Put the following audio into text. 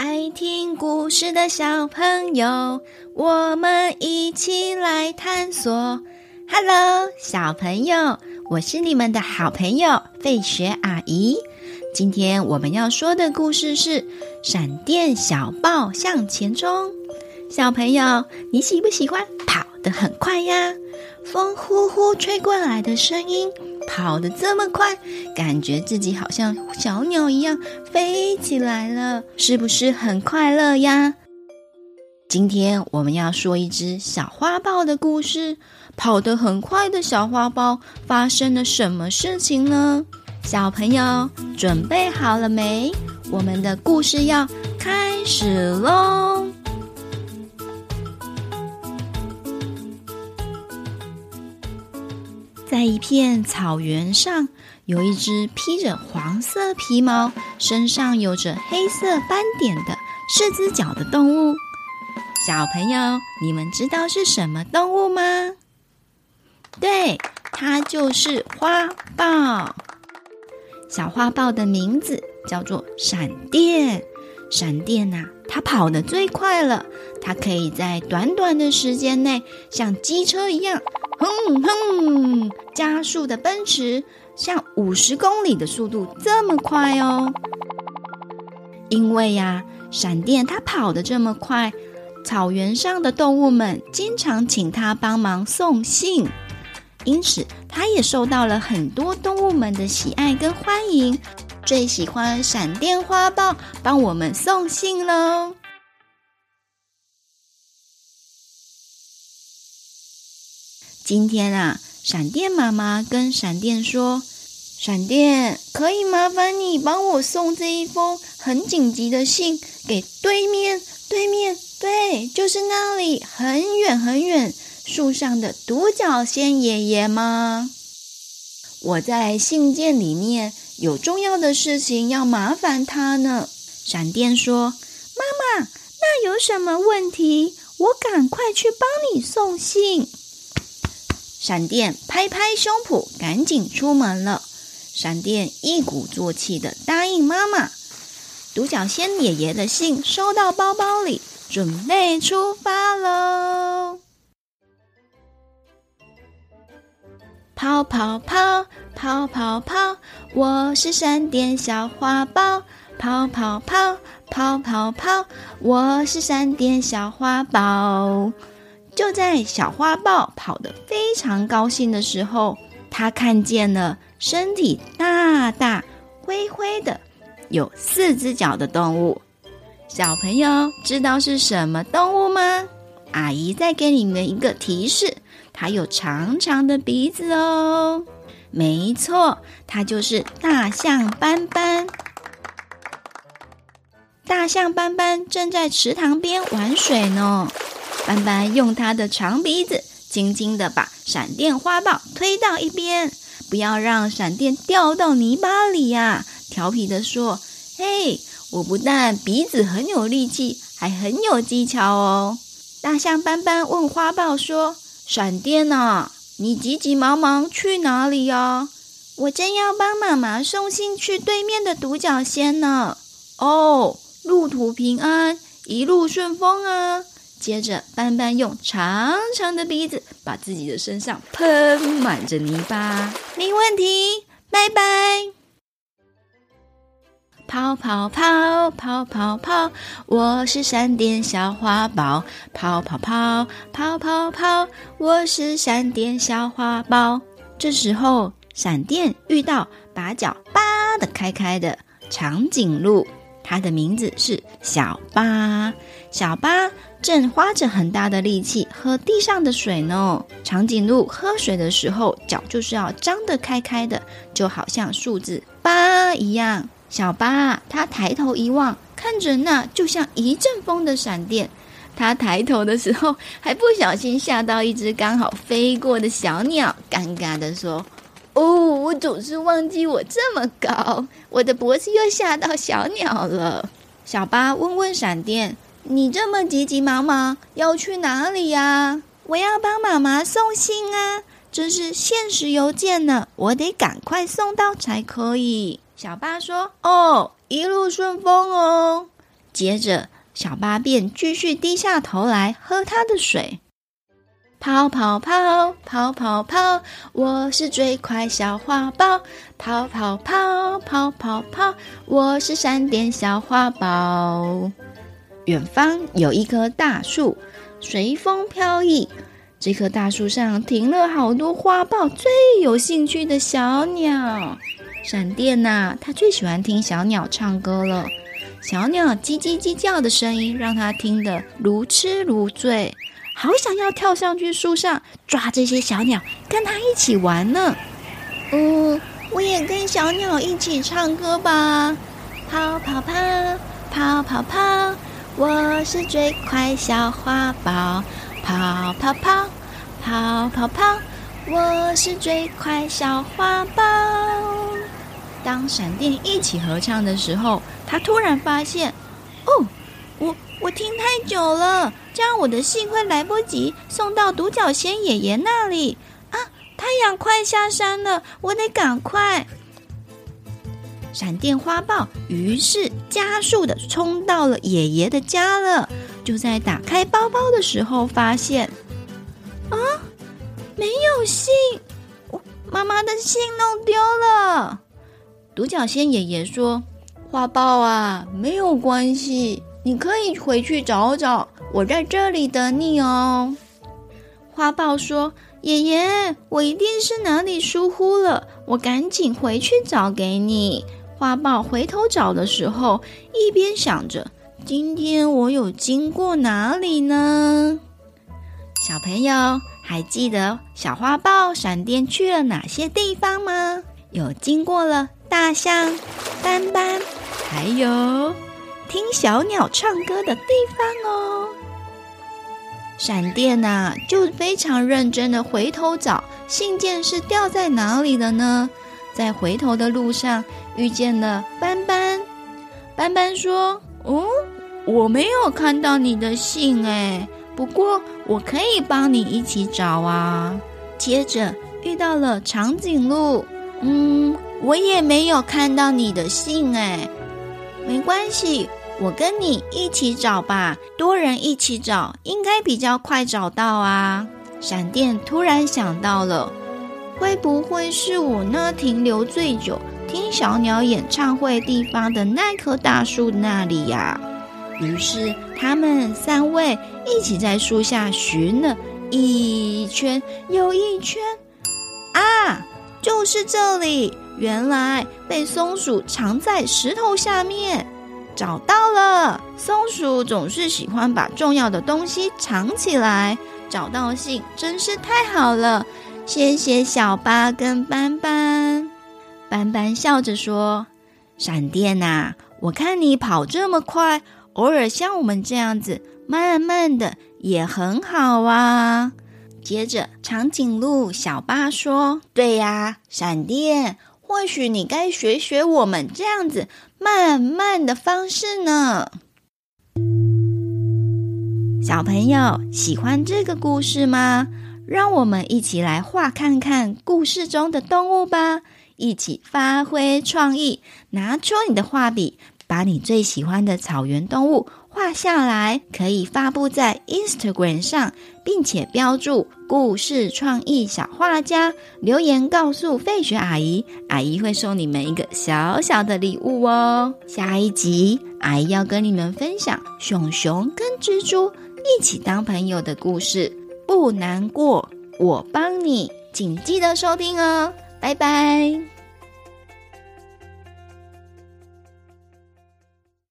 愛聽故事的小朋友，我們一起來探索。Hello，小朋友，我是你們的好朋友費雪阿姨。今天我們要說的故事是《閃電小豹向前衝》。小朋友，你喜不喜歡跑得很快呀？風呼呼吹過來的聲音，跑得這麼快，感覺自己好像小鳥一樣飛起來了，是不是很快樂呀？今天我們要說一只小花豹的故事，跑得很快的小花豹發生了什麼事情呢？小朋友準備好了沒？我們的故事要開始嘍！在一片草原上，有一隻披着黃色皮毛、身上有着黑色斑點的四隻腳的動物。小朋友，你們知道是什麼動物嗎？對，它就是花豹。小花豹的名字叫做閃電。閃電吶，它跑得最快了，它可以在短短的時間內像機車一樣。哼哼，加速的奔馳像五十公里的速度這麼快哦！因為呀、啊，閃電它跑得這麼快，草原上的動物們經常請它幫忙送信，因此它也受到了很多動物們的喜愛跟歡迎。最喜歡閃電花豹幫我們送信嘍！今天啊，閃電媽媽跟閃電說：“閃電，可以麻煩你幫我送這一封很緊急的信給對面，對面，對，就是那裡很遠很遠樹上的獨角仙爺爺嗎？我在信件裡面有重要的事情要麻煩他呢。”閃電說：“媽媽，那有什麼問題？我趕快去幫你送信。”閃電拍拍胸脯，趕緊出門了。閃電一鼓作氣地答應媽媽。獨角仙爺爺的信收到包包裡，準備出發嘍！跑跑跑跑跑跑，我是閃電小花豹。跑跑跑跑跑跑，我是閃電小花豹。就在小花豹跑得非常高興的時候，它看見了身體大大、灰灰的、有四隻腳的動物。小朋友知道是什麼動物嗎？阿姨再給你們一個提示，它有長長的鼻子哦。沒錯，它就是大象斑斑。大象斑斑正在池塘邊玩水呢。斑斑用它的長鼻子，輕輕地把閃電花豹推到一邊，不要讓閃電掉到泥巴裡呀！調皮地說：“嘿，我不但鼻子很有力氣，還很有技巧哦。”大象斑斑問花豹說：“閃電呢？你急急忙忙去哪裡呀？”“我正要幫媽媽送信去對面的獨角仙呢。”“哦，路途平安，一路順風啊！”接着，斑斑用長長的鼻子把自己的身上噴滿着泥巴。沒問題，拜拜！跑跑跑跑跑跑，我是閃電小花豹。跑跑跑跑跑跑，我是閃電小花豹。這時候，閃電遇到把腳扒得開開的長頸鹿，它的名字是小八，小八。正花着很大的力氣喝地上的水呢。長頸鹿喝水的時候，腳就是要張得開開的，就好像數字八一樣。小八他抬頭一望，看着那就像一陣風的閃電。他抬頭的時候還不小心嚇到一隻剛好飛過的小鳥，尷尬的說：“哦，我總是忘記我這麼高，我的脖子又嚇到小鳥了。”小八問問閃電。你這麼急急忙忙要去哪裡呀、啊？我要幫媽媽送信啊！這是限時郵件呢，我得趕快送到才可以。小八說：“哦，一路順風哦。”接着，小八便繼續低下頭來喝他的水。跑跑跑跑跑跑，我是最快小花豹。跑跑跑跑，跑跑跑跑，我是閃電小花豹。遠方有一棵大樹，隨風飄逸。這棵大樹上停了好多花豹最有興趣的小鳥。閃電吶、啊，他最喜歡聽小鳥唱歌了。小鳥嘰嘰嘰叫的聲音，讓他聽得如痴如醉，好想要跳上去樹上抓這些小鳥，跟他一起玩呢。嗯，我也跟小鳥一起唱歌吧。跑跑跑，跑跑跑。我是最快小花豹，跑跑跑，跑跑跑，我是最快小花豹。當閃電一起合唱的時候，他突然發現，哦，我我聽太久了，這樣我的信會來不及送到獨角仙爺爺那裡啊！太陽快下山了，我得趕快。閃電花豹於是加速的衝到了爺爺的家了。就在打開包包的時候，發現，啊，沒有信，媽媽的信弄丟了。獨角仙爺爺說：“花豹啊，沒有關係，你可以回去找找，我在這裡等你哦。”花豹說：“爺爺，我一定是哪裡疏忽了，我趕緊回去找給你。”花豹回頭找的時候，一邊想着：“今天我有經過哪裡呢？”小朋友還記得小花豹閃電去了哪些地方嗎？有經過了大象斑斑，還有聽小鳥唱歌的地方哦。閃電吶、啊，就非常認真的回頭找信件是掉在哪裡的呢？在回頭的路上。遇見了斑斑，斑斑說：“哦、嗯，我沒有看到你的信哎，不過我可以幫你一起找啊。”接着遇到了長頸鹿，嗯，我也沒有看到你的信哎，沒關係，我跟你一起找吧，多人一起找應該比較快找到啊。閃電突然想到了，會不會是我那停留最久，聽小鳥演唱會地方的那棵大樹那裡呀、啊，於是他們三位一起在樹下尋了一圈又一圈，啊，就是這裡！原來被松鼠藏在石頭下面，找到了。松鼠總是喜歡把重要的東西藏起來，找到信真是太好了，謝謝小八跟斑斑。斑斑笑着說：“閃電吶、啊，我看你跑這麼快，偶爾像我們這樣子慢慢的也很好啊。”接着，長頸鹿小八說：“對呀、啊，閃電，或許你該學學我們這樣子慢慢的方式呢。”小朋友喜歡這個故事嗎？讓我們一起來畫看看故事中的動物吧。一起發揮創意，拿出你的畫筆，把你最喜歡的草原動物畫下來，可以發布在 Instagram 上，並且標註“故事創意小畫家”。留言告訴費雪阿姨，阿姨會送你們一個小小的禮物哦。下一集，阿姨要跟你們分享熊熊跟蜘蛛一起當朋友的故事。不難過，我幫你。請記得收聽哦。拜拜。